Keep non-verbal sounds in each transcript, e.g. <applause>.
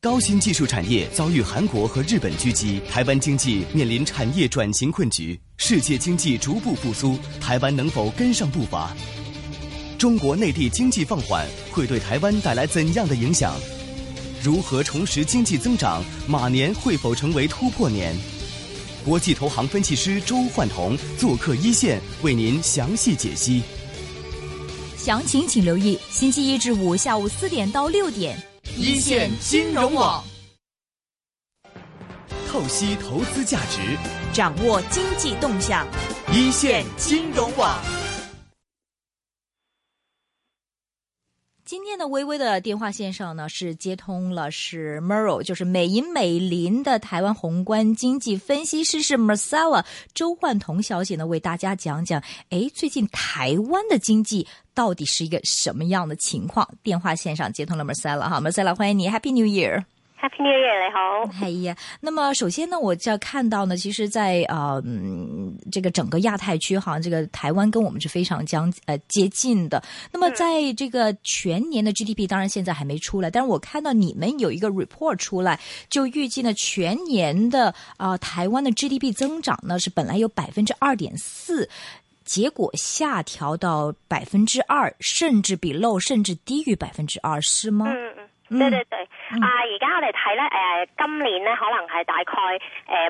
高新技術產業遭遇韓國和日本狙擊，台灣經濟面臨產業轉型困局，世界經濟逐步復甦，台灣能否跟上步伐？中國內地經濟放緩會對台灣帶來怎樣的影響？如何重拾經濟增長？馬年會否成為突破年？國際投行分析師周奐彤做客一線，為您詳細解析。詳情請留意，星期一至五下午四點到六點。一線金融網，透析投資價值，掌握經濟動向。一線金融網，今天的微微的電話線上呢是接通了，是 m e r o 就是美銀美林的台灣宏觀經濟分析師是 Marcella 周奐彤小姐呢，為大家講講，誒，最近台灣的經濟。到底是一個什麼樣的情況？電話線上接通了 Marcel，Marcella，哈，Marcella，歡迎你，Happy New Year！Happy New Year，你好。嗨呀，那麼首先呢，我就要看到呢，其實在，在、呃、啊，這個整個亞太區，哈，這個台灣跟我們是非常將，呃，接近的。那麼，在這個全年的 GDP，當然現在還沒出來，但是我看到你們有一個 report 出來，就預計呢，全年的啊、呃，台灣的 GDP 增長呢，是本來有百分之二點四。結果下調到百分之二，甚至比 low，甚至低於百分之二，是嗎？嗯對對對，啊而家我哋睇咧，誒、呃、今年咧可能係大概誒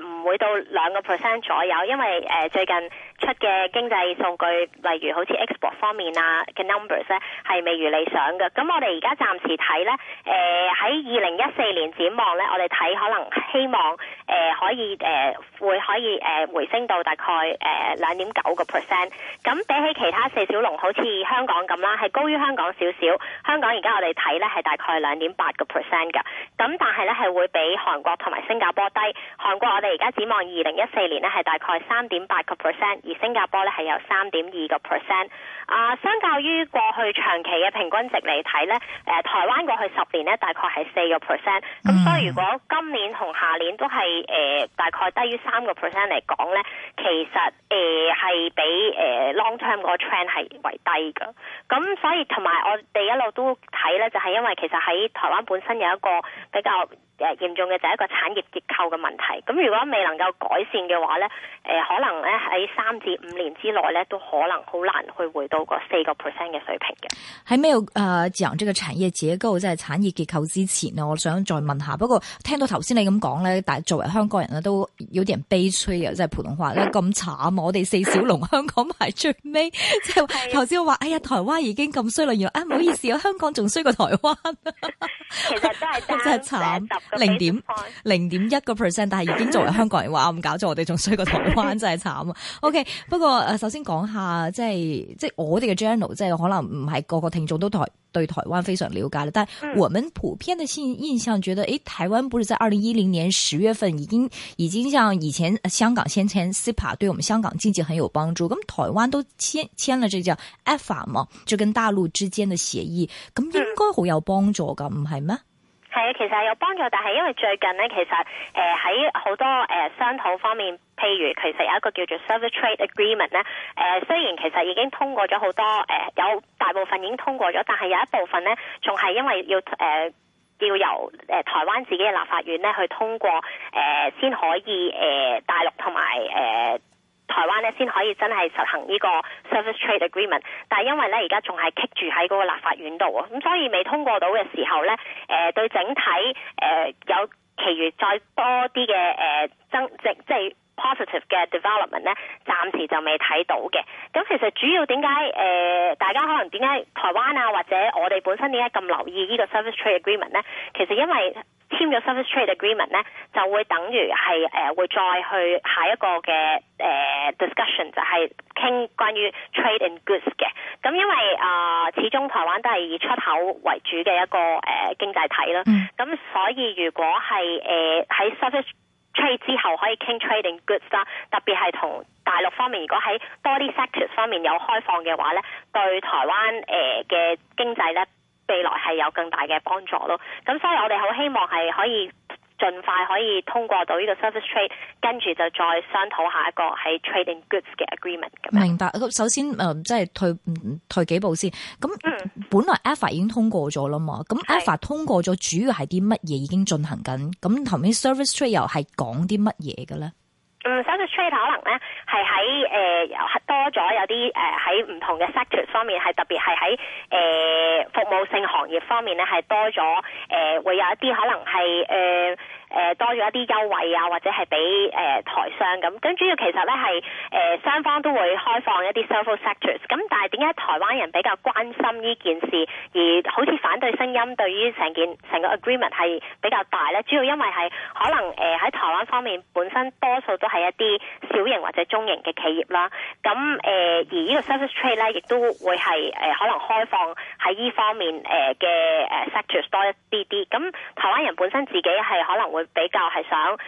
唔、呃、會到兩個 percent 左右，因為誒、呃、最近出嘅經濟數據，例如好似 export 方面啊嘅 numbers 咧係未如理想嘅。咁我哋而家暫時睇咧，誒喺二零一四年展望咧，我哋睇可能希望誒、呃、可以誒、呃、會可以誒、呃、回升到大概誒兩點九個 percent。咁、呃、比起其他四小龍，好似香港咁啦，係高於香港少少。香港而家我哋睇咧係大概兩點八個 percent 㗎，咁但係咧係會比韓國同埋新加坡低。韓國我哋而家展望二零一四年咧係大概三點八個 percent，而新加坡咧係有三點二個 percent。啊，uh, 相較於過去長期嘅平均值嚟睇咧，誒、呃、台灣過去十年咧大概係四個 percent，咁所以如果今年同下年都係誒、呃、大概低於三個 percent 嚟講咧，其實誒係、呃、比誒、呃、long term 個 trend 係為低嘅，咁所以同埋我哋一路都睇咧，就係、是、因為其實喺台灣本身有一個比較誒嚴重嘅就係一個產業結構嘅問題，咁如果未能夠改善嘅話咧，誒可能咧喺三至五年之內咧，都可能好難去回到個四個 percent 嘅水平嘅。喺咩自講即係產業結構，即係產業結構之前咧，我想再問下。不過聽到頭先你咁講咧，但係作為香港人咧，都有啲人悲催嘅，即係普通話咧咁慘， <laughs> 我哋四小龍香港排最尾。 <laughs> 即係頭先話，哎呀台灣已經咁衰啦，原來啊唔好意思，我香港仲衰過台灣。 <laughs> 其實都係 <laughs> 真係慘。零點零點一個 percent，但係已經，作為香港人話啊，咁搞咗我哋仲衰過台灣，真係慘啊！OK，不過誒、呃，首先講下即係即係我哋嘅 journal，即係可能唔係個個聽眾都台對台灣非常了解咧。但係我們普遍嘅印象覺得，誒、欸，台灣不是在二零一零年十月份已經已經像以前香港先簽 CEPA 對我們香港經濟很有幫助。咁台灣都簽簽了，這叫、e、ECFA 嘛，就跟大陸之間嘅協議，咁應該好有幫助噶，唔係咩？係啊，其實係有幫助，但係因為最近咧，其實誒喺好多誒、呃、商討方面，譬如其實有一個叫做 Service Trade Agreement 咧、呃，誒雖然其實已經通過咗好多，誒、呃、有大部分已經通過咗，但係有一部分咧仲係因為要誒、呃、要由誒台灣自己嘅立法院咧去通過，誒、呃、先可以誒、呃、大陸同埋誒。呃台灣咧先可以真係實行呢個 service trade agreement，但係因為咧而家仲係棘住喺嗰個立法院度咁，所以未通過到嘅時候咧，誒、呃、對整體誒、呃、有其餘再多啲嘅誒增值，即係 positive 嘅 development 咧，暫時就未睇到嘅。咁其實主要點解誒大家可能點解台灣啊，或者我哋本身點解咁留意呢個 service trade agreement 咧？其實因為，簽咗 Service Trade Agreement 咧，就會等於係誒會再去下一個嘅誒、呃、discussion，就係傾關於 Trade in Goods 嘅。咁因為啊、呃，始終台灣都係以出口為主嘅一個誒、呃、經濟體啦。咁、mm. 所以如果係誒喺、呃、Service Trade 之後可以傾 Trade in Goods 啦，特別係同大陸方面，如果喺多啲 sectors 方面有開放嘅話咧，對台灣誒嘅經濟咧。未來係有更大嘅幫助咯，咁所以我哋好希望係可以盡快可以通過到呢個 service trade，跟住就再商討下一個喺 trading goods 嘅 agreement。明白，首先誒、呃，即係退退幾步先。咁、嗯、本來 ECFA 已經通過咗啦嘛，咁 ECFA 通過咗是主要係啲乜嘢已經進行緊？咁頭先 service trade 又係講啲乜嘢嘅咧？嗯，service trade 可能咧係喺誒多咗有啲誒喺唔同嘅 sector 方面，係特別係喺誒服務性行業方面咧係多咗誒、呃、會有一啲可能係誒。呃誒多咗一啲優惠啊，或者係俾誒台商咁，咁主要其實咧係誒雙方都會開放一啲 service sectors。咁但係點解台灣人比較關心呢件事，而好似反對聲音對於成件成個 agreement 係比較大咧？主要因為係可能誒喺台灣方面本身多數都係一啲小型或者中型嘅企業啦。咁誒、呃、而個呢個 service trade 咧，亦都會係誒、呃、可能開放喺呢方面誒嘅、呃、誒 sectors 多一啲啲。咁台灣人本身自己係可能會。會比較係想誒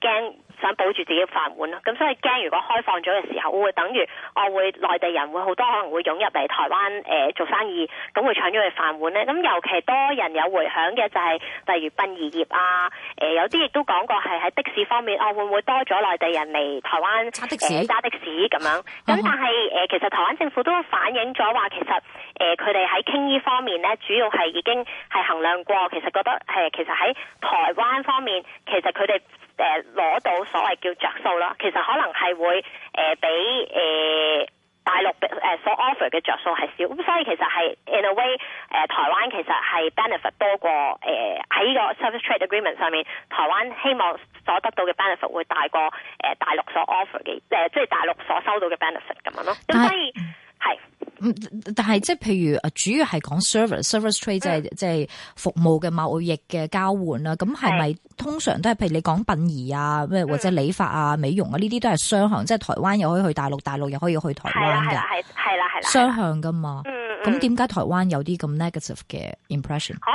驚。呃想保住自己飯碗啦，咁所以驚，如果開放咗嘅時候，會等於我、哦、會內地人會好多可能會湧入嚟台灣誒、呃、做生意，咁、嗯、會搶咗佢飯碗咧。咁尤其多人有回響嘅就係、是，例如殯儀業啊，誒、呃、有啲亦都講過係喺的士方面，哦會唔會多咗內地人嚟台灣揸的士揸的士咁樣。咁但係誒、呃，其實台灣政府都反映咗話，其實誒佢哋喺傾呢方面咧，主要係已經係衡量過，其實覺得誒、呃、其實喺台灣方面，其實佢哋。誒攞到所謂叫着數啦，其實可能係會誒、呃、比誒、呃、大陸誒所 offer 嘅着數係少，咁所以其實係 in a way 誒、呃、台灣其實係 benefit 多過誒喺呢個 service trade agreement 上面，台灣希望所得到嘅 benefit 會大過誒、呃、大陸所 offer 嘅誒即係大陸所收到嘅 benefit 咁樣咯，咁所以。係，但嗯，但係即係譬如，主要係講 service，service trade 就係即係服務嘅貿易嘅交換啦。咁係咪通常都係譬如你講殯儀啊，咩或者理髮啊、嗯、美容啊呢啲都係雙向，即係台灣又可以去大陸，大陸又可以去台灣嘅，係啦係啦，雙向噶嘛。咁點解台灣有啲咁 negative 嘅 impression？啊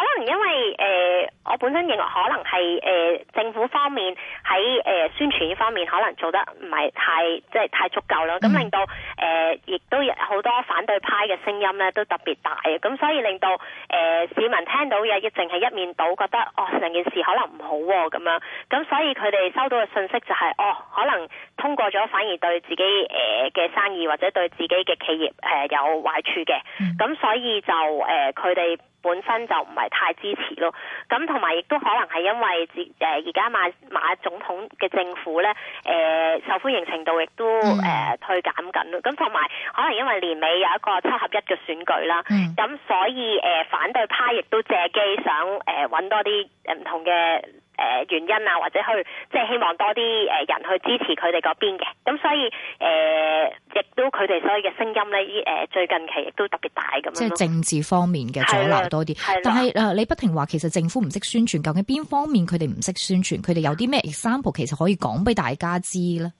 我本身認為可能係誒、呃、政府方面喺誒、呃、宣傳呢方面可能做得唔係太即係太足夠啦，咁令到誒、呃、亦都有好多反對派嘅聲音咧都特別大嘅，咁所以令到誒、呃、市民聽到嘢，一淨係一面倒，覺得哦成件事可能唔好喎、啊、咁樣，咁所以佢哋收到嘅信息就係、是、哦可能通過咗反而對自己誒嘅、呃、生意或者對自己嘅企業誒、呃、有壞處嘅，咁所以就誒佢哋。呃本身就唔係太支持咯，咁同埋亦都可能係因為自誒而家馬馬總統嘅政府呢，誒、呃、受歡迎程度亦都誒退、嗯呃、減緊咯，咁同埋可能因為年尾有一個七合一嘅選舉啦，咁、嗯、所以誒、呃、反對派亦都借機想誒揾、呃、多啲唔同嘅。誒、呃、原因啊，或者去即係希望多啲誒、呃、人去支持佢哋嗰邊嘅，咁所以誒、呃、亦都佢哋所以嘅聲音咧，依、呃、最近期亦都特別大咁樣，即係政治方面嘅阻撓多啲，但係、呃、你不停話其實政府唔識宣傳，究竟邊方面佢哋唔識宣傳，佢哋有啲咩 example 其實可以講俾大家知咧？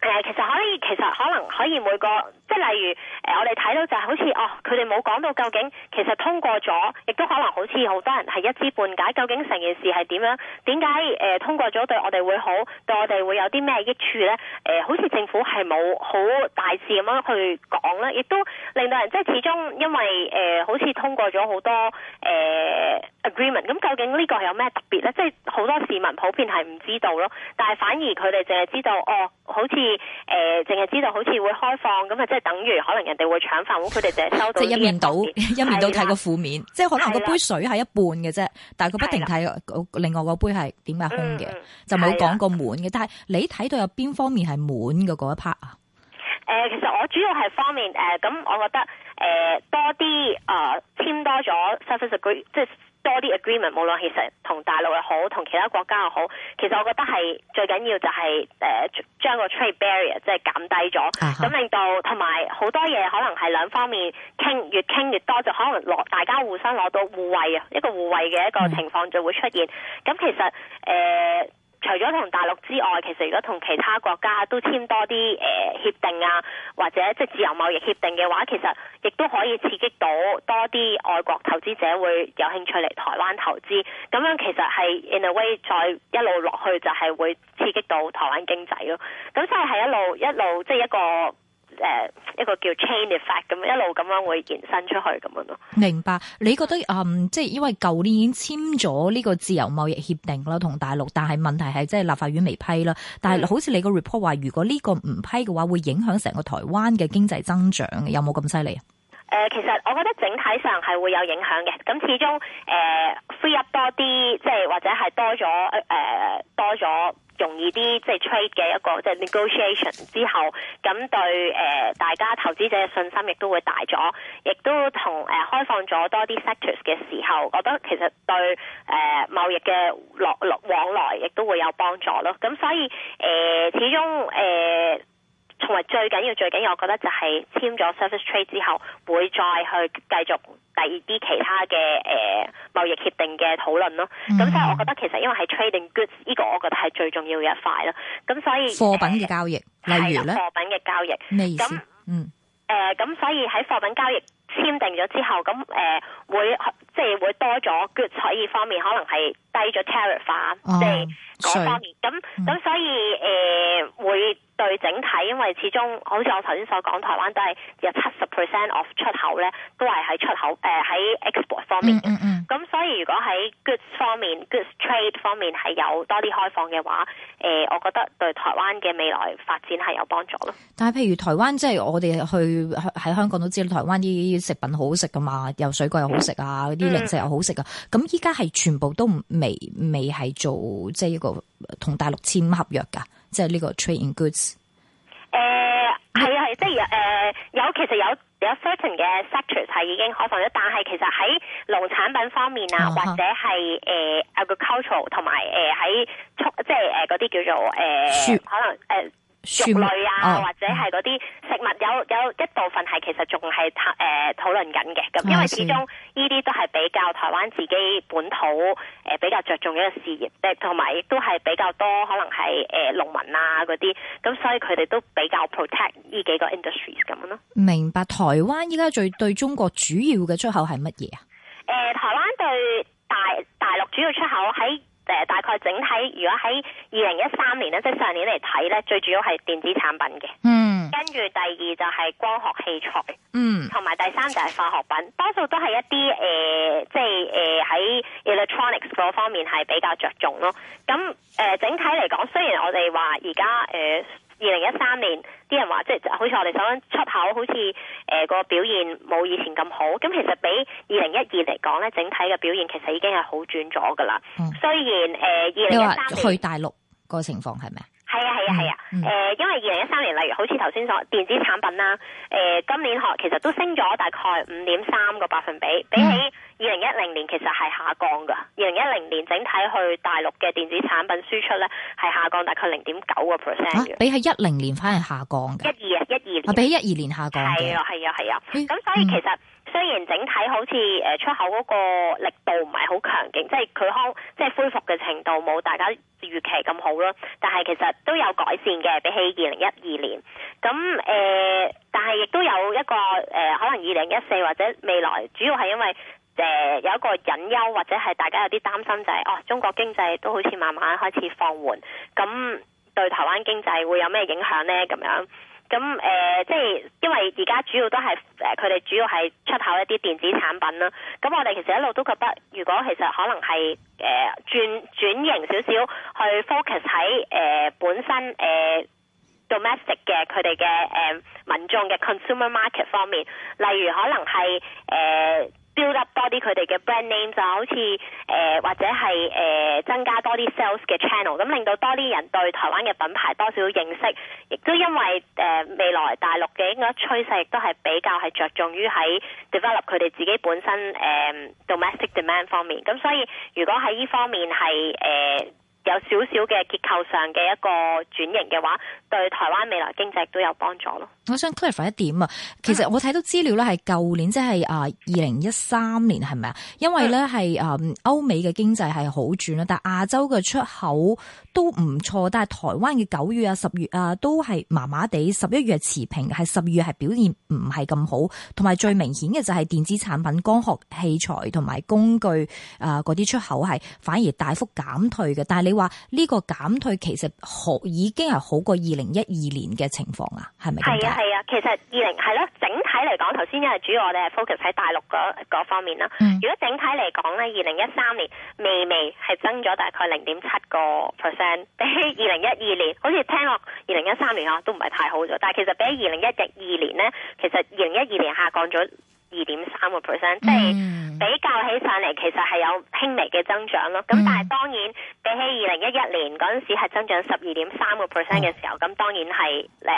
誒、呃，其實可以。其實可能可以每個，即係例如誒、呃，我哋睇到就好似哦，佢哋冇講到究竟其實通過咗，亦都可能好似好多人係一知半解，究竟成件事係點樣？點解誒通過咗對我哋會好，對我哋會有啲咩益處咧？誒、呃，好似政府係冇好大事咁樣去講咧，亦都令到人即係始終因為誒、呃、好似通過咗好多誒、呃、agreement，咁、嗯、究竟呢個係有咩特別咧？即係好多市民普遍係唔知道咯，但係反而佢哋淨係知道哦，好似誒、呃、正。知道好似會開放咁啊，即係等於可能人哋會搶飯碗，佢哋淨係收到。即係 <laughs> 一面倒，一面倒睇個負面，啦即係可能嗰杯水係一半嘅啫，啦但係佢不停睇另外嗰杯係點解空嘅，嗯、就冇講個滿嘅。啦但係你睇到有邊方面係滿嘅嗰一 part 啊？誒、呃，其實我主要係方面誒，咁、呃、我覺得誒、呃、多啲誒簽多咗即係。多啲 agreement，無論其實同大陸又好，同其他國家又好，其實我覺得係最緊要就係、是、誒、呃、將個 trade barrier 即係減低咗，咁、uh huh. 令到同埋好多嘢可能係兩方面傾，越傾越多就可能攞大家互相攞到互惠啊，一個互惠嘅一個情況就會出現。咁、uh huh. 其實誒。呃除咗同大陸之外，其實如果同其他國家都簽多啲誒協定啊，或者即自由貿易協定嘅話，其實亦都可以刺激到多啲外國投資者會有興趣嚟台灣投資。咁樣其實係 in a way 再一路落去，就係會刺激到台灣經濟咯。咁所以係一路一路即係、就是、一個。誒一個叫 chain effect，咁一路咁樣會延伸出去咁樣咯。明白，你覺得誒即係因為舊年已經簽咗呢個自由貿易協定啦，同大陸，但係問題係即係立法院未批啦。但係好似你個 report 話，如果呢個唔批嘅話，會影響成個台灣嘅經濟增長，有冇咁犀利啊？誒、呃，其實我覺得整體上係會有影響嘅。咁始終誒、呃、free up 多啲，即係或者係多咗誒、呃、多咗容易啲即係 trade 嘅一個即係 negotiation 之後，咁對誒、呃、大家投資者嘅信心亦都會大咗，亦都同誒、呃、開放咗多啲 sectors 嘅時候，我覺得其實對誒呃、貿易嘅來來往來亦都會有幫助咯。咁所以誒、呃，始終誒、呃同埋最緊要、最緊要，我覺得就係簽咗 service trade 之後，會再去繼續第二啲其他嘅誒、呃、貿易協定嘅討論咯。咁、嗯、所以，我覺得其實因為係 trading goods 呢個，我覺得係最重要嘅一塊咯。咁所以貨品嘅交易，例如咧貨品嘅交易咩那嗯，誒咁、呃、所以喺貨品交易簽訂咗之後，咁、呃、誒會即係、就是、會多咗 goods 所以方面可能係。咗 tariff 即係嗰方面，咁咁所以誒、嗯、會對整體，因為始終好似我頭先所講，台灣都係有七十 percent of 出口咧，都係喺出口誒喺、呃、export 方面嗯。嗯嗯咁所以如果喺 goods 方面，goods trade 方面係有多啲開放嘅話，誒，我覺得對台灣嘅未來發展係有幫助咯。但係譬如台灣即係、就是、我哋去喺香港都知道，台灣啲食品好食噶嘛，有水果又好食啊，啲、嗯、零食又好食啊。咁依家係全部都唔明。未係做即係一個同大陸簽合約噶，即係呢個 trade in goods。誒、啊，係啊係，即係誒、呃、有，其實有有 certain 嘅 sectors 係已經開放咗，但係其實喺農產品方面啊，或者係誒個、呃、agricultural 同埋誒喺即係誒嗰啲叫做誒、呃、雪可能誒。呃肉類啊，或者係嗰啲食物，有有一部分係其實仲係誒討論緊嘅，咁因為始終呢啲都係比較台灣自己本土誒比較着重一個事業同埋亦都係比較多可能係誒農民啊嗰啲，咁所以佢哋都比較 protect 呢幾個 industries 咁咯。明白台灣依家最對中國主要嘅出口係乜嘢啊？誒、呃，台灣對大大陸主要出口喺。誒大概整體，如果喺二零一三年咧，即上年嚟睇咧，最主要係電子產品嘅。嗯，mm. 跟住第二就係光學器材。嗯，同埋第三就係化學品，多數都係一啲誒、呃，即係誒喺 electronics 嗰方面係比較着重咯。咁誒、呃、整體嚟講，雖然我哋話而家誒。呃二零一三年，啲人話即係好似我哋想出口，好似誒、呃，個表現冇以前咁好。咁其實比二零一二嚟講咧，整體嘅表現其實已經係好轉咗噶啦。嗯、雖然誒二零一三年去大陸個情況係咩？係啊係啊係啊，誒， <noise> 嗯嗯、因為二零一三年，例如好似頭先所電子產品啦，誒，今年學其實都升咗大概五點三個百分比，比起二零一零年其實係下降嘅。二零一零年整體去大陸嘅電子產品輸出咧係下降大概零點九個 percent 嘅，比起一零年反而下降嘅。一二啊，一二，啊，比一二年下降嘅，係啊，係啊，係啊，咁所以其實。雖然整體好似誒出口嗰個力度唔係好強勁，即係佢康即係恢復嘅程度冇大家預期咁好咯，但係其實都有改善嘅，比起二零一二年。咁誒、呃，但係亦都有一個誒、呃，可能二零一四或者未來，主要係因為誒、呃、有一個隱憂或者係大家有啲擔心就係、是、哦，中國經濟都好似慢慢開始放緩，咁對台灣經濟會有咩影響呢？咁樣。咁誒、呃，即係因為而家主要都係誒，佢哋、呃、主要係出口一啲電子產品啦。咁、啊、我哋其實一路都覺得，如果其實可能係誒、呃、轉轉型少少，去 focus 喺誒、呃、本身誒、呃、domestic 嘅佢哋嘅誒、呃、民眾嘅 consumer market 方面，例如可能係誒。呃 build up 多啲佢哋嘅 brand name 就好似誒、呃、或者係誒、呃、增加多啲 sales 嘅 channel，咁令到多啲人對台灣嘅品牌多少認識，亦都因為誒、呃、未來大陸嘅應該趨勢都係比較係着重於喺 develop 佢哋自己本身誒、呃、domestic demand 方面，咁所以如果喺呢方面係誒。呃有少少嘅結構上嘅一個轉型嘅話，對台灣未來經濟都有幫助咯。我想 clarify 一點啊，其實我睇到資料咧係舊年，即係啊二零一三年係咪啊？因為咧係啊歐美嘅經濟係好轉啦，但係亞洲嘅出口。都唔錯，但係台灣嘅九月啊、十月啊都係麻麻地，十一月持平，係十二月係表現唔係咁好。同埋最明顯嘅就係電子產品、光學器材同埋工具啊嗰啲出口係反而大幅減退嘅。但係你話呢個減退其實好已經係好過二零一二年嘅情況啊，係咪？係啊係啊，其實二零係咯，整體嚟講，頭先因為主要我哋係 focus 喺大陸嗰方面啦。嗯、如果整體嚟講咧，二零一三年微微係增咗大概零點七個 percent。比起二零一二年，好似聽落二零一三年啊，都唔係太好咗。但係其實比起二零一二年呢，其實二零一二年下降咗二點三個 percent，即係比較起上嚟，其實係有輕微嘅增長咯。咁、嗯、但係當然比起二零一一年嗰陣時係增長十二點三個 percent 嘅時候，咁、嗯、當然係誒。呃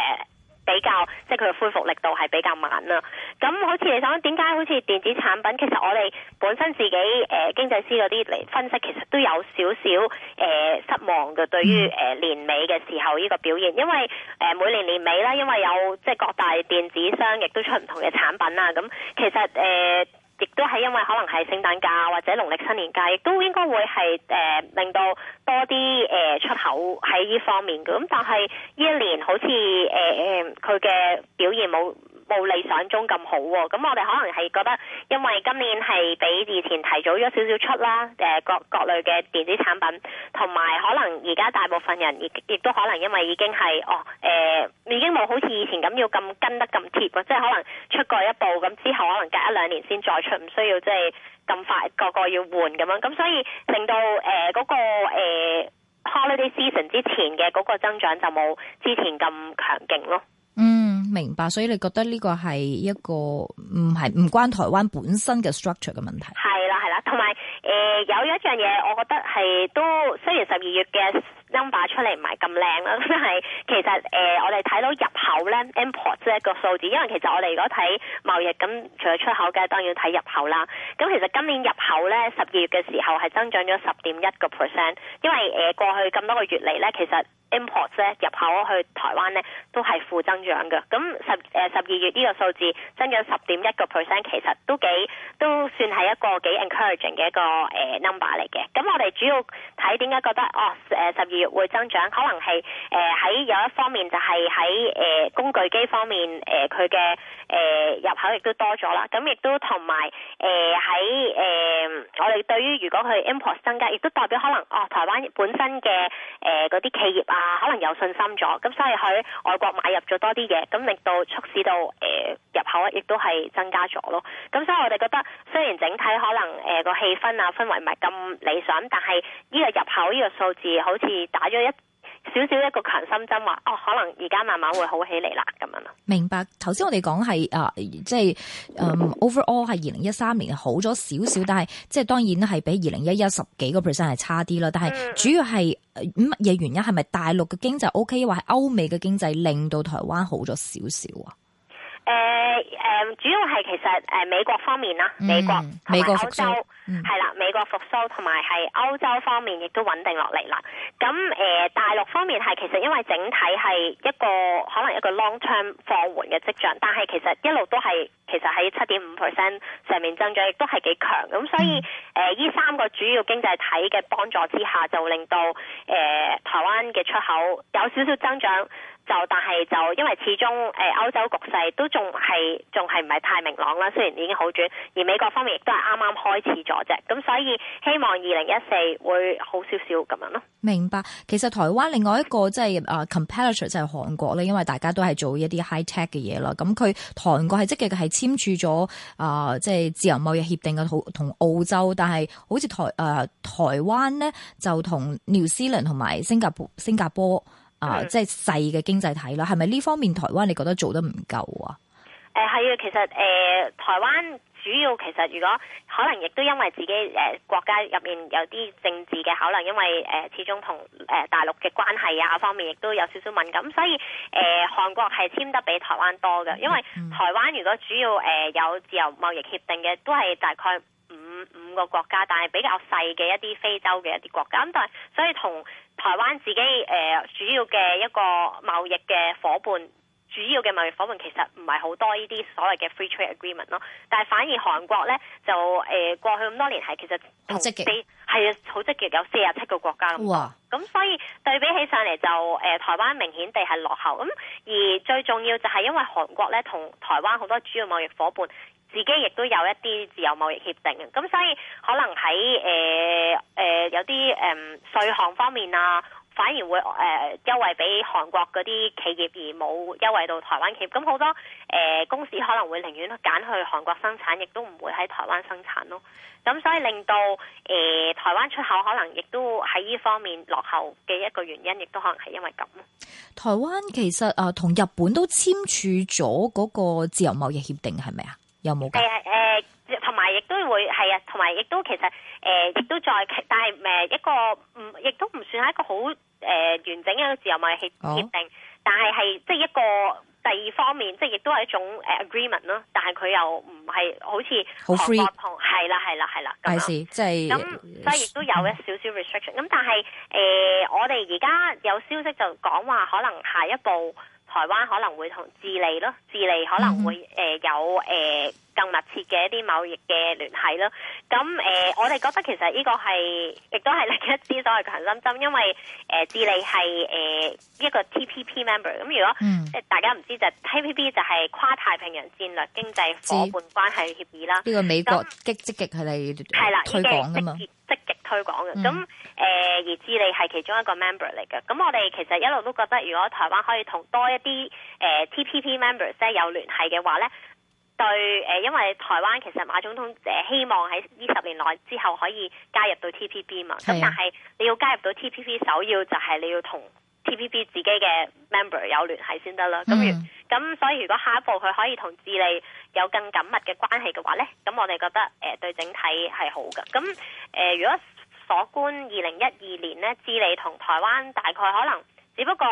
比較即係佢嘅恢復力度係比較慢啦。咁好似你想點解？好似電子產品，其實我哋本身自己誒、呃、經濟師嗰啲嚟分析，其實都有少少誒、呃、失望嘅對於誒、呃、年尾嘅時候呢個表現，因為誒、呃、每年年尾啦，因為有即係各大電子商亦都出唔同嘅產品啊。咁其實誒。呃亦都係因為可能係聖誕假或者農曆新年假，亦都應該會係誒、呃、令到多啲誒、呃、出口喺呢方面嘅。咁但係呢一年好似誒誒佢嘅表現冇冇理想中咁好喎，咁我哋可能係覺得，因為今年係比以前提早咗少少出啦，誒各各類嘅電子產品，同埋可能而家大部分人亦亦都可能因為已經係哦誒、呃，已經冇好似以前咁要咁跟得咁貼，即係可能出過一步，咁之後可能隔一兩年先再出，唔需要即係咁快個個要換咁樣，咁所以令到誒嗰、呃嗰個、呃、holiday season 之前嘅嗰個增長就冇之前咁強勁咯。明白，所以你覺得呢個係一個唔係唔關台灣本身嘅 structure 嘅問題。係啦，係啦，同埋誒有一樣嘢，我覺得係都雖然十二月嘅 number 出嚟唔係咁靚啦，但係其實誒、呃、我哋睇到入口咧，import 即係一個數字。因為其實我哋如果睇貿易咁，除咗出口嘅，當然要睇入口啦。咁其實今年入口咧十二月嘅時候係增長咗十點一個 percent，因為誒過去咁多個月嚟咧，其實。imports 咧入口去台灣咧都係負增長嘅，咁十誒十二月呢個數字增長十點一個 percent，其實都幾都算係一個幾 encouraging 嘅一個誒、呃、number 嚟嘅。咁我哋主要睇點解覺得哦誒十二月會增長，可能係誒喺有一方面就係喺誒工具機方面誒佢嘅誒入口亦都多咗啦，咁亦都同埋誒喺誒我哋對於如果佢 imports 增加，亦都代表可能哦台灣本身嘅誒嗰啲企業啊。啊，可能有信心咗，咁所以喺外國買入咗多啲嘢，咁令到促使到誒、呃、入口亦都係增加咗咯。咁所以我哋覺得，雖然整體可能誒、呃、個氣氛啊氛圍唔係咁理想，但係呢個入口呢個數字好似打咗一。少少一個強心針，話哦，可能而家慢慢會好起嚟啦，咁樣咯。明白，頭先我哋講係啊，即係嗯，overall 係二零一三年好咗少少，但係即係當然咧係比二零一一十幾個 percent 係差啲咯，但係主要係乜嘢原因？係咪大陸嘅經濟 OK，或係歐美嘅經濟令到台灣好咗少少啊？誒誒、呃呃，主要係其實誒、呃、美國方面啦，嗯、美國同埋歐洲，係、嗯、啦，美國復甦同埋係歐洲方面亦都穩定落嚟啦。咁誒、呃、大陸方面係其實因為整體係一個可能一個 long term 放緩嘅跡象，但係其實一路都係其實喺七點五 percent 上面增長，亦都係幾強。咁所以誒呢、嗯呃、三個主要經濟體嘅幫助之下，就令到誒、呃、台灣嘅出口有少少增長。但就但係就，因為始終誒歐洲局勢都仲係仲係唔係太明朗啦，雖然已經好轉，而美國方面亦都係啱啱開始咗啫。咁所以希望二零一四會好少少咁樣咯。明白。其實台灣另外一個即係啊 comparator 就係、是 uh, 韓國咧，因為大家都係做一啲 high tech 嘅嘢啦。咁佢韓國係積極嘅，係簽署咗啊，即、uh, 係自由貿易協定嘅好同澳洲，但係好似台啊、uh, 台灣呢，就同 New 紐西蘭同埋新加坡新加坡。啊，即係細嘅經濟體啦，係咪呢方面台灣你覺得做得唔夠啊？誒係啊，其實誒、呃、台灣主要其實如果可能亦都因為自己誒、呃、國家入面有啲政治嘅考量，可能因為誒、呃、始終同誒、呃、大陸嘅關係啊方面亦都有少少敏感，所以誒、呃、韓國係簽得比台灣多嘅，因為台灣如果主要誒、呃、有自由貿易協定嘅都係大概。五五個國家，但係比較細嘅一啲非洲嘅一啲國家咁，但係所以同台灣自己誒、呃、主要嘅一個貿易嘅伙伴，主要嘅貿易伙伴其實唔係好多呢啲所謂嘅 free trade agreement 咯，但係反而韓國呢，就誒、呃、過去咁多年係其實好積極，啊，好積極有四十七個國家咁，嘩所以對比起上嚟就誒、呃、台灣明顯地係落後咁，而最重要就係因為韓國呢，同台灣好多主要貿易伙伴。自己亦都有一啲自由貿易協定嘅，咁所以可能喺誒誒有啲誒稅項方面啊，反而會誒優、呃、惠俾韓國嗰啲企，企業，而冇優惠到台灣企業，咁好多誒公司可能會寧願揀去韓國生產，亦都唔會喺台灣生產咯。咁所以令到誒、呃、台灣出口可能亦都喺呢方面落後嘅一個原因，亦都可能係因為咁。台灣其實啊，同、呃、日本都簽署咗嗰個自由貿易協定，係咪啊？有冇？誒誒，同埋亦都會係啊，同埋亦都其實誒，亦都再，但係誒一個唔，亦都唔算係一個好誒完整嘅一個自由貿易協定，但係係即係一個第二方面，即係亦都係一種誒 agreement 咯。但係佢又唔係好似好 free，係啦係啦係啦，咁即係咁，所以亦都有一少少 restriction。咁但係誒，我哋而家有消息就講話可能下一步。台灣可能會同智利咯，智利可能會誒、呃、有誒、呃更密切嘅一啲貿易嘅聯繫咯，咁誒、呃，我哋覺得其實呢個係亦都係另一啲所謂強心針，因為誒、呃、智利係誒、呃、一個 TPP member，咁如果即係、嗯、大家唔知就係、TPP 就係跨太平洋戰略經濟伙伴關係協議啦。呢、嗯、個美國極、嗯、積極係嚟，係啦、嗯，積極積極推廣嘅。咁誒而智利係其中一個 member 嚟嘅，咁我哋其實一路都覺得，如果台灣可以同多一啲誒 TPP member 即係有聯繫嘅話咧。對，誒、呃，因為台灣其實馬總統誒希望喺呢十年內之後可以加入到 TPP 嘛，咁是但係你要加入到 TPP 首要就係你要同 TPP 自己嘅 member 有聯繫先得啦，咁咁、嗯嗯、所以如果下一步佢可以同智利有更緊密嘅關係嘅話咧，咁我哋覺得誒、呃、對整體係好嘅，咁誒、呃、如果所觀二零一二年咧，智利同台灣大概可能只不過。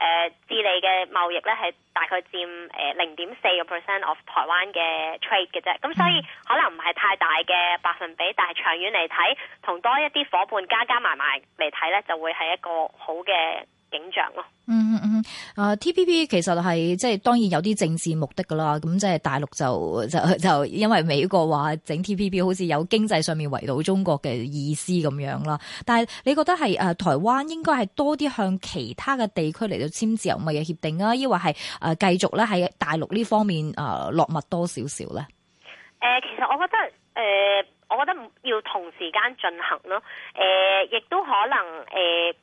誒、呃、智利嘅貿易咧係大概佔誒零點四個 percent of 台灣嘅 trade 嘅啫，咁所以可能唔係太大嘅百分比，但係長遠嚟睇，同多一啲伙伴加加埋埋嚟睇咧，就會係一個好嘅景象咯，嗯嗯啊、呃、T P P 其實係即係當然有啲政治目的噶啦，咁即係大陸就就就因為美國話整 T P P 好似有經濟上面圍堵中國嘅意思咁樣啦。但係你覺得係誒、呃、台灣應該係多啲向其他嘅地區嚟到簽自由貿易協定啊，抑或係誒繼續咧喺大陸呢方面誒、呃、落墨多少少咧？誒、呃，其實我覺得誒、呃，我覺得要同時間進行咯，誒、呃，亦都可能誒。呃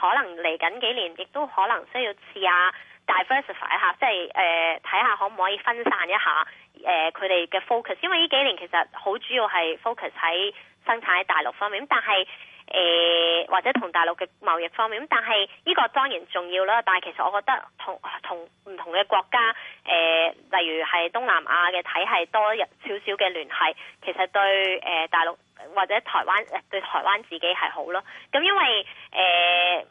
可能嚟緊幾年，亦都可能需要試下 diversify 一下，即係誒睇下可唔可以分散一下誒佢哋嘅 focus，因為呢幾年其實好主要係 focus 喺生產喺大陸方面，咁但係。誒、呃、或者同大陸嘅貿易方面咁，但係呢個當然重要啦。但係其實我覺得同同唔同嘅國家誒、呃，例如係東南亞嘅體系多少少嘅聯繫，其實對誒、呃、大陸或者台灣、呃、對台灣自己係好咯。咁因為誒、呃、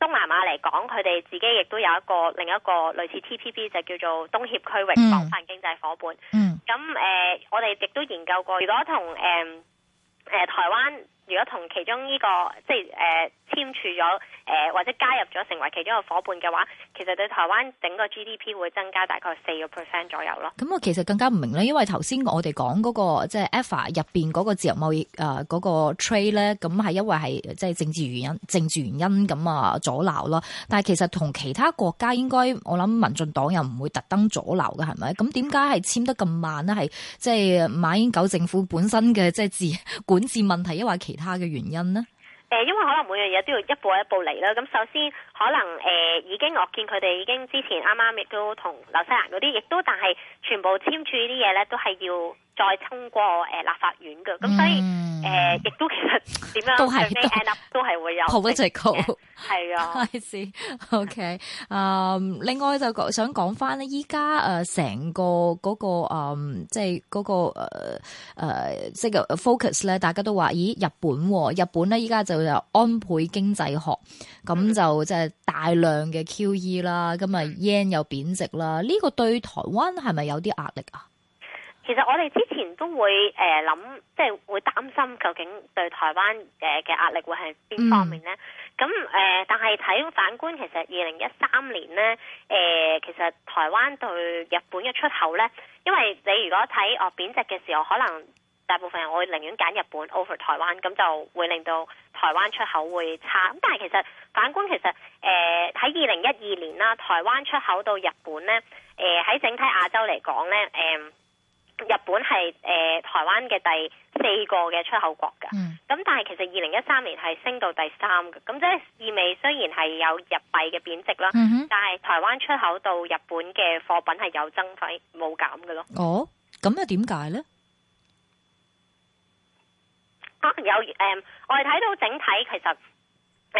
東南亞嚟講，佢哋自己亦都有一個另一個類似 TPP 就叫做東協區域廣泛經濟伙伴。咁誒、mm. mm. 嗯呃，我哋亦都研究過，如果同誒誒台灣。如果同其中呢個即係誒簽署咗誒、呃、或者加入咗成為其中一個伙伴嘅話。其實對台灣整個 GDP 會增加大概四個 percent 左右咯。咁我其實更加唔明咧，因為頭先我哋講嗰個即係 ECFA 入邊嗰個自由貿易誒嗰、呃嗰個 trade 咧，咁係因為係即係政治原因、政治原因咁啊阻撓囉。但係其實同其他國家應該我諗民進黨又唔會特登阻撓嘅，係咪？咁點解係簽得咁慢呢？係即係馬英九政府本身嘅即係治管治問題，抑或者其他嘅原因呢？因為可能每樣嘢都要一步一步嚟啦。咁首先，可能誒、呃、已經我見佢哋已經之前啱啱亦都同紐西蘭嗰啲，亦都但係全部簽署呢啲嘢呢，都係要。再通過誒立法院嘅，咁所以誒亦、嗯、都其實點樣？都係都係會有。好得最高。係啊。開始。OK。誒，另外就想講返咧，依家誒成個嗰個、呃、即係嗰個誒即係 focus 咧，大家都話，咦，日本喎，日本咧依家就有安倍經濟學，咁、嗯、就即係大量嘅 QE 啦，咁啊 yen 又貶值啦，呢個對台灣係咪有啲壓力啊？其實我哋之前都會誒諗、呃，即係會擔心究竟對台灣誒嘅壓力會係邊方面呢？咁誒、嗯呃，但係睇反觀其、呃，其實二零一三年呢，誒其實台灣對日本嘅出口呢，因為你如果睇哦貶值嘅時候，可能大部分人我會寧願揀日本 over 台灣，咁就會令到台灣出口會差。咁但係其實反觀其實誒喺二零一二年啦、呃，台灣出口到日本呢，誒、呃、喺整體亞洲嚟講呢。誒、呃。嗯日本係誒、呃、台灣嘅第四個嘅出口國㗎，咁、嗯、但係其實二零一三年係升到第三嘅，咁即係意味雖然係有日幣嘅貶值啦，嗯、哼但係台灣出口到日本嘅貨品係有增費冇減嘅咯。哦，咁又點解咧？可能、啊、有誒、嗯，我哋睇到整體其實誒、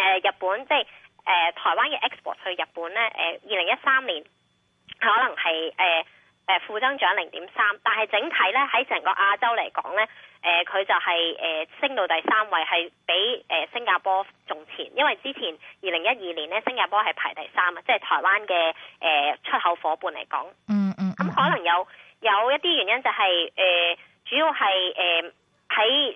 呃、日本即係誒、呃、台灣嘅 export 去日本咧，誒二零一三年可能係誒。呃誒負增長零點三，但係整體咧，喺成個亞洲嚟講咧，誒、呃、佢就係、是、誒、呃、升到第三位，係比誒、呃、新加坡仲前，因為之前二零一二年咧，新加坡係排第三啊，即係台灣嘅誒出口伙伴嚟講、嗯。嗯嗯，咁可能有有一啲原因就係、是、誒、呃，主要係誒喺。呃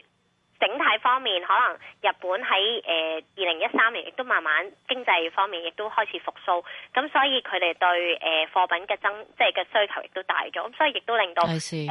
整體方面，可能日本喺誒二零一三年亦都慢慢經濟方面亦都開始復甦，咁所以佢哋對誒、呃、貨品嘅增即係嘅需求亦都大咗，咁所以亦都令到誒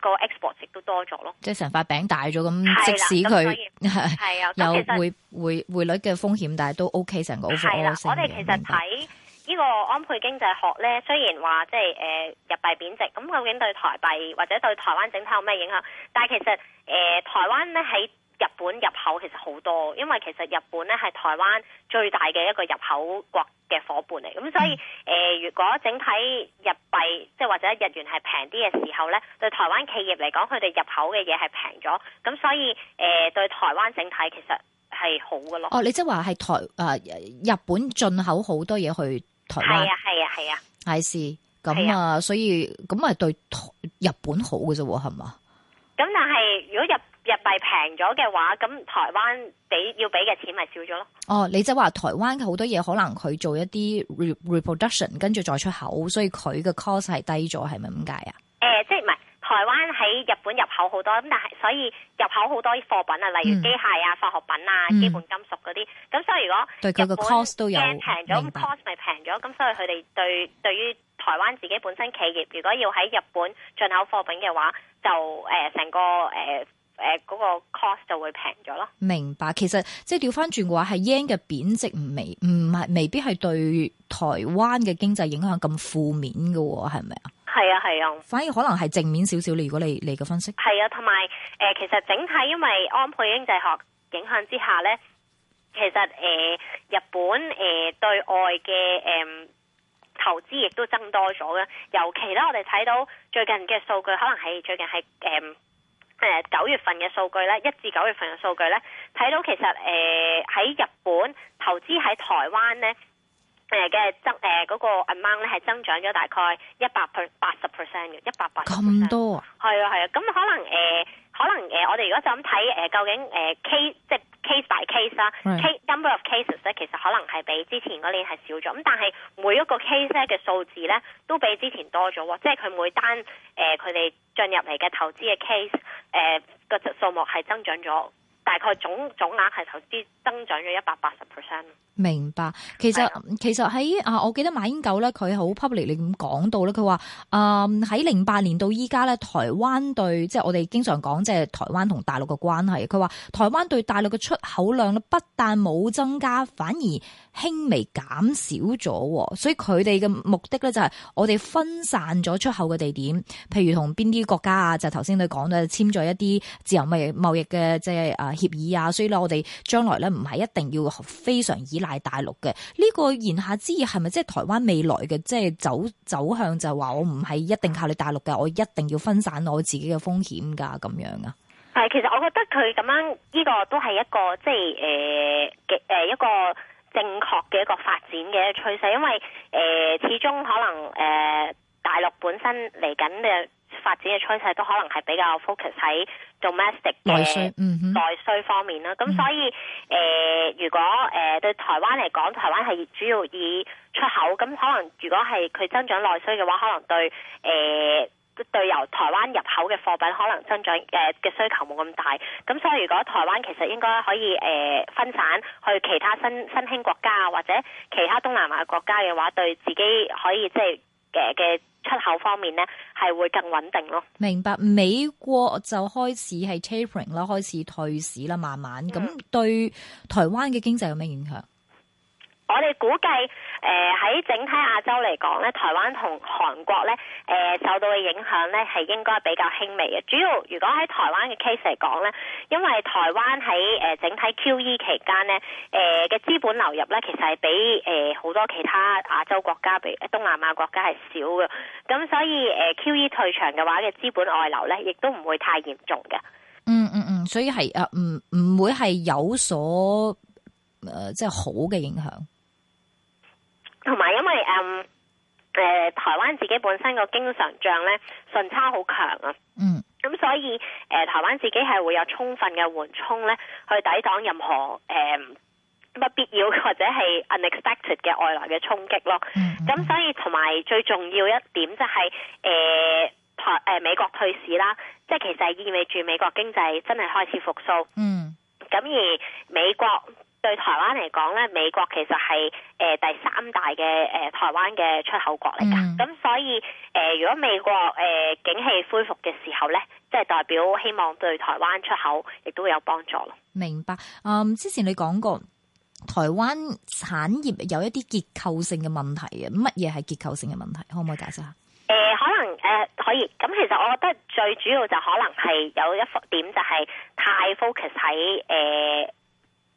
個、呃、export 亦都多咗咯。即係成塊餅大咗咁，即使佢係啊， <laughs> 有會的會匯率嘅風險，但係都 OK 成個 overall 性嘅問題。呢個安倍經濟學呢，雖然話即係日幣貶值，咁究竟對台幣或者對台灣整體有咩影響？但係其實誒、呃、台灣呢喺日本入口其實好多，因為其實日本呢係台灣最大嘅一個入口國嘅伙伴嚟，咁所以誒、呃、如果整體日幣即係或者日元係平啲嘅時候呢，對台灣企業嚟講，佢哋入口嘅嘢係平咗，咁所以誒、呃、對台灣整體其實係好嘅咯。哦，你即係話係台誒、呃、日本進口好多嘢去。係啊係啊係啊，I see 咁啊，啊啊所以咁啊對台日本好嘅啫，係嘛？咁但係如果日日幣平咗嘅話，咁台灣俾要俾嘅錢咪少咗咯？哦，你就係話台灣好多嘢可能佢做一啲 re, reproduction，跟住再出口，所以佢嘅 cost 係低咗，係咪咁解啊？誒、呃，即係唔係。台灣喺日本入口好多，咁但係所以入口好多貨品啊，例如機械啊、化學品啊、嗯、基本金屬嗰啲。咁所以如果 Cost 日本 yen 平咗，咁 cost 咪平咗？咁所以佢哋對對於台灣自己本身企業，如果要喺日本進口貨品嘅話，就誒成、呃、個誒誒、呃那個 cost 就會平咗咯。明白，其實即係調翻轉嘅話，係 yen 嘅貶值唔未唔係未必係對台灣嘅經濟影響咁負面噶，係咪啊？係啊，係啊，反而可能係正面少少。你如果你你嘅分析，係啊，同埋誒，其實整體因為安倍經濟學影響之下咧，其實誒、呃、日本誒、呃、對外嘅誒、呃、投資亦都增多咗嘅。尤其咧，我哋睇到最近嘅數據，可能係最近係誒誒九月份嘅數據咧，一至九月份嘅數據咧，睇到其實誒喺、呃、日本投資喺台灣咧。誒嘅增誒嗰個 amount 咧係增長咗大概一百 per 八十 percent 嘅一百八十。咁多啊？係啊係啊，咁、嗯、可能誒、呃、可能誒、呃，我哋如果就咁睇誒，究竟誒、呃、case 即 case by case 啦是的，case number of cases 咧，其實可能係比之前嗰年係少咗。咁但係每一個 case 嘅數字咧都比之前多咗喎，即係佢每單誒佢哋進入嚟嘅投資嘅 case 誒、呃、個數目係增長咗。大概總總額係投資增長咗一百八十 percent。明白，其實的其實喺啊，我記得馬英九咧，佢好 publicly 咁講到咧，佢話啊喺零八年到依家咧，台灣對即係我哋經常講即係台灣同大陸嘅關係，佢話台灣對大陸嘅出口量咧不但冇增加，反而，輕微減少咗，所以佢哋嘅目的咧就係我哋分散咗出口嘅地點，譬如同邊啲國家啊，就頭先你講啦，簽咗一啲自由貿易貿易嘅即係啊協議啊，所以咧我哋將來咧唔係一定要非常依賴大陸嘅呢個言下之意係咪即係台灣未來嘅即係走走向就係話我唔係一定靠你大陸嘅，我一定要分散我自己嘅風險噶咁樣啊？係，其實我覺得佢咁樣呢個都係一個即係誒誒一個。即正確嘅一個發展嘅趨勢，因為誒、呃、始終可能誒、呃、大陸本身嚟緊嘅發展嘅趨勢都可能係比較 focus 喺 domestic 嘅內需，嗯哼，內需方面啦，咁所以誒、呃、如果誒、呃、對台灣嚟講，台灣係主要以出口，咁可能如果係佢增長內需嘅話，可能對誒、呃對由台灣入口嘅貨品可能增長嘅嘅需求冇咁大，咁所以如果台灣其實應該可以誒、呃、分散去其他新新興國家啊，或者其他東南亞國家嘅話，對自己可以即係誒嘅出口方面呢，係會更穩定咯。明白美國就開始係 tapering 啦，開始退市啦，慢慢咁、嗯、對台灣嘅經濟有咩影響？我哋估計，誒、呃、喺整體亞洲嚟講咧，台灣同韓國咧，誒、呃、受到嘅影響咧係應該比較輕微嘅。主要如果喺台灣嘅 case 嚟講咧，因為台灣喺誒整體 QE 期間咧，誒嘅資本流入咧其實係比誒好、呃、多其他亞洲國家，譬如東南亞國家係少嘅。咁所以誒、呃、QE 退場嘅話嘅資本外流咧，亦都唔會太嚴重嘅、嗯。嗯嗯嗯，所以係啊，唔、嗯、唔會係有所誒、呃、即係好嘅影響。同埋，因為誒誒、嗯呃、台灣自己本身個經常帳咧順差好強啊，嗯，咁、嗯、所以誒、呃、台灣自己係會有充分嘅緩衝咧，去抵擋任何誒、呃、不必要或者係 unexpected 嘅外來嘅衝擊咯。咁、嗯嗯、所以同埋最重要一點就係、是、誒、呃、台誒、呃、美國退市啦，即係其實意味住美國經濟真係開始復甦，嗯，咁而美國。對台灣嚟講咧，美國其實係誒、呃、第三大嘅誒、呃、台灣嘅出口國嚟㗎，咁、嗯、所以誒、呃、如果美國誒、呃、景氣恢復嘅時候咧，即係代表希望對台灣出口亦都會有幫助咯。明白。嗯，之前你講過台灣產業有一啲結構性嘅問題嘅，乜嘢係結構性嘅問題？可唔可以解釋下？誒、呃，可能誒、呃、可以。咁其實我覺得最主要就可能係有一點就係太 focus 喺誒。呃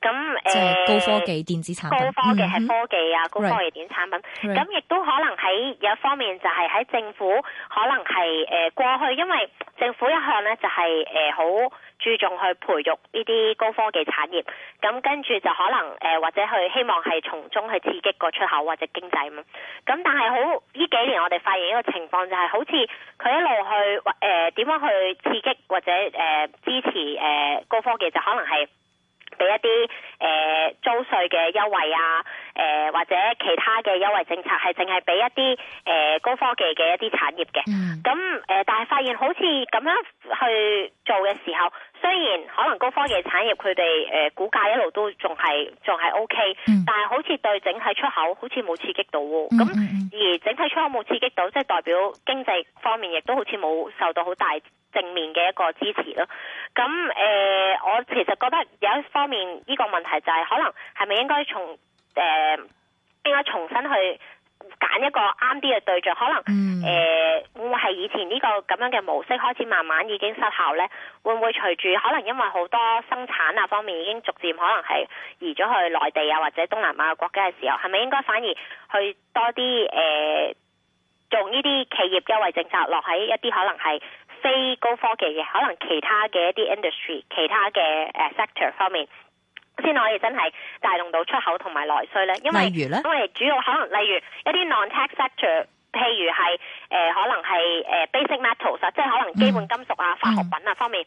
咁誒，那高科技電子產品，高科技係科技啊，mm hmm. 高科技電子產品。咁亦 Right. 都可能喺有一方面，就係喺政府，可能係誒過去，因為政府一向咧就係誒好注重去培育呢啲高科技產業，咁跟住就可能誒，或者去希望係從中去刺激個出口或者經濟，咁咁但係好呢幾年，我哋發現一個情況就係好似佢一路去誒點樣去刺激或者誒支持誒高科技，就可能係。俾一啲誒、呃、租稅嘅優惠啊，誒、呃、或者其他嘅優惠政策係淨係俾一啲誒、呃、高科技嘅一啲產業嘅，咁誒、Mm-hmm. 呃，但係發現好似咁樣去做嘅時候。雖然可能高科技產業佢哋誒股價一路都仲係仲係 OK，但係好似對整體出口好似冇刺激到喎。咁、嗯、而整體出口冇刺激到，即、就、係、是、代表經濟方面亦都好似冇受到好大正面嘅一個支持咯。咁誒、呃，我其實覺得有一方面呢個問題就係可能係咪應該從誒應該重新去。揀一個啱啲嘅對象，可能誒、mm. 呃、會唔會係以前呢個咁樣嘅模式開始慢慢已經失效呢？會唔會隨住可能因為好多生產啊方面已經逐漸可能係移咗去內地啊或者東南亞國家嘅時候，係咪應該反而去多啲誒，做呢啲企業優惠政策落喺一啲可能係非高科技嘅，可能其他嘅一啲 industry、其他嘅誒 sector 方面？首先可以真係帶動到出口同埋內需咧，因為因為主要可能例如一啲 non-tech sector，譬如係誒、呃、可能係誒 basic metals，即係可能基本金屬啊、化學品啊方面，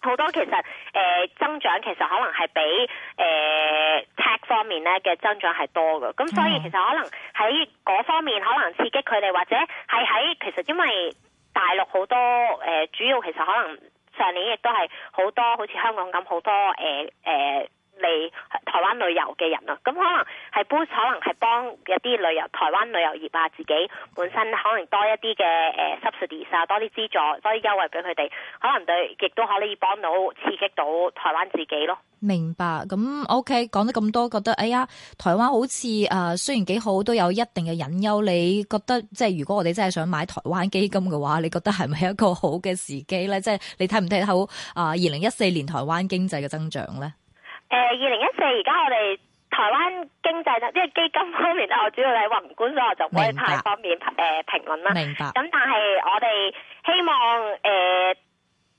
好、嗯、多其實誒、呃、增長其實可能係比誒、呃、tech 方面咧嘅增長係多嘅，咁所以其實可能喺嗰方面可能刺激佢哋，或者係喺其實因為大陸好多誒、呃、主要其實可能上年亦都係好多好似香港咁好多誒誒。呃呃嚟台灣旅遊嘅人啊，咁可能係 boost 可能係幫一啲旅遊台灣旅遊業啊，自己本身可能多一啲嘅誒 subsidies 啊，多啲資助，多啲優惠俾佢哋，可能對亦都可以幫到刺激到台灣自己咯。明白。咁 OK，講咗咁多，覺得哎呀，台灣好似誒雖然幾好，都有一定嘅隱憂。你覺得即係如果我哋真係想買台灣基金嘅話，你覺得係咪一個好嘅時機咧？即係你睇唔睇好啊？二零一四年台灣經濟嘅增長咧？誒，二零一四而家我哋台灣經濟即係基金方面，我主要喺宏觀，所以我就唔可以太方便誒評論啦。呃、明白。咁但係我哋希望誒、呃，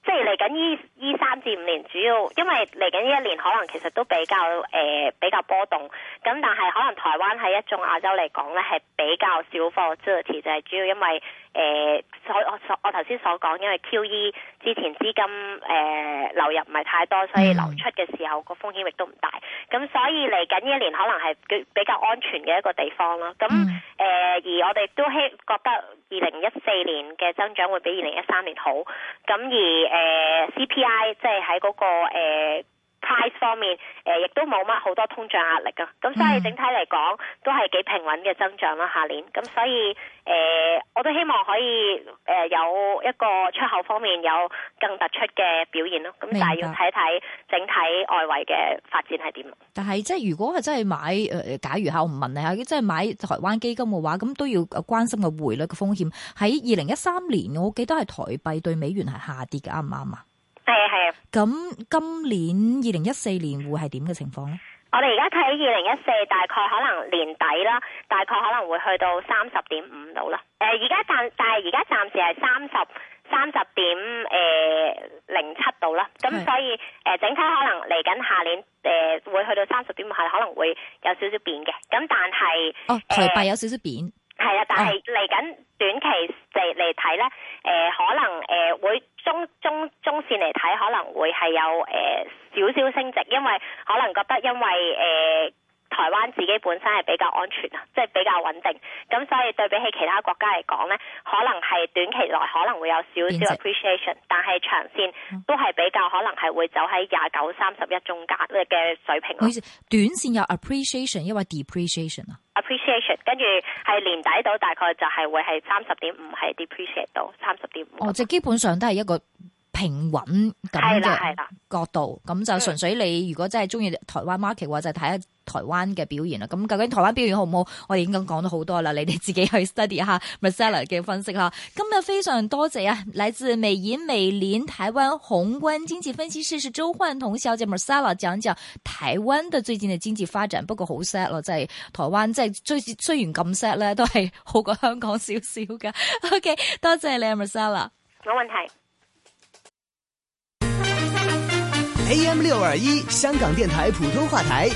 即係嚟緊呢呢三至五年，主要因為嚟緊呢一年可能其實都比較誒、呃、比較波動。咁但係可能台灣喺一眾亞洲嚟講咧，係比較少 portfolio 就係、是、主要因為。誒、呃，所我，我所我頭先所講，因為 QE 之前資金誒、呃、流入唔係太多，所以流出嘅時候個風險亦都唔大。咁所以嚟緊呢一年可能係比較安全嘅一個地方咯。咁誒、嗯呃，而我哋都希覺得二零一四年嘅增長會比二零一三年好。咁而誒、呃、CPI 即係喺嗰個、呃派、嗯、方面，誒亦都冇乜好多通脹壓力啊，咁所以整體嚟講都係幾平穩嘅增長啦。下年咁所以誒、呃，我都希望可以誒、呃、有一個出口方面有更突出嘅表現咯。咁但係要睇睇整體外圍嘅發展係點。明白。但係即係如果係真係買誒、呃，假如我下我唔問你嚇，即係買台灣基金嘅話，咁都要關心個匯率嘅風險。喺二零一三年，我記得係台幣對美元係下跌嘅，啱唔啱啊？係啊係啊，咁今年二零一四年會係點嘅情況咧？我哋而家睇二零一四，大概可能年底啦，大概可能會去到三十、呃、點五度啦。誒、呃，而家暫但係而家暫時係三十三十點誒零七度啦。咁所以誒的、呃、整體可能嚟緊下年誒、呃、會去到三十點五係可能會有少少變嘅。咁但係、呃、哦，台幣有少少變。係啦，但係嚟緊短期嚟嚟睇咧，誒、呃，可能誒、呃、會中中中線嚟睇，可能會係有誒少少升值，因為可能覺得因為誒。呃台灣自己本身係比較安全啊，即係比較穩定，咁所以對比起其他國家嚟講呢，可能係短期內可能會有少少 appreciation，成但係長線都係比較可能係會走喺廿九三十一中間嘅水平咯。短線有 appreciation，因為 depreciation 啊，appreciation 跟住係年底到大概就係會係三十點五係 depreciate 到三十點五。即就基本上都係一個。平穩咁啦，角度，咁就純粹你如果真係中意台灣 market 嘅話，就睇下台灣嘅表現啦。咁究竟台灣表現好唔好？我哋已經講咗好多啦，你哋自己去 study 下 Marcela 嘅分析啦。今日非常多謝啊，來自美銀美林台灣宏觀經濟分析師是周奐彤小姐 Marcela，講講台灣嘅最近嘅經濟發展。不過好 sad 咯，即係台灣即係雖然咁 sad 咧，都係好過香港少少噶。OK，多謝你 Marcela，冇問題。AM 六二一，香港電台普通話台。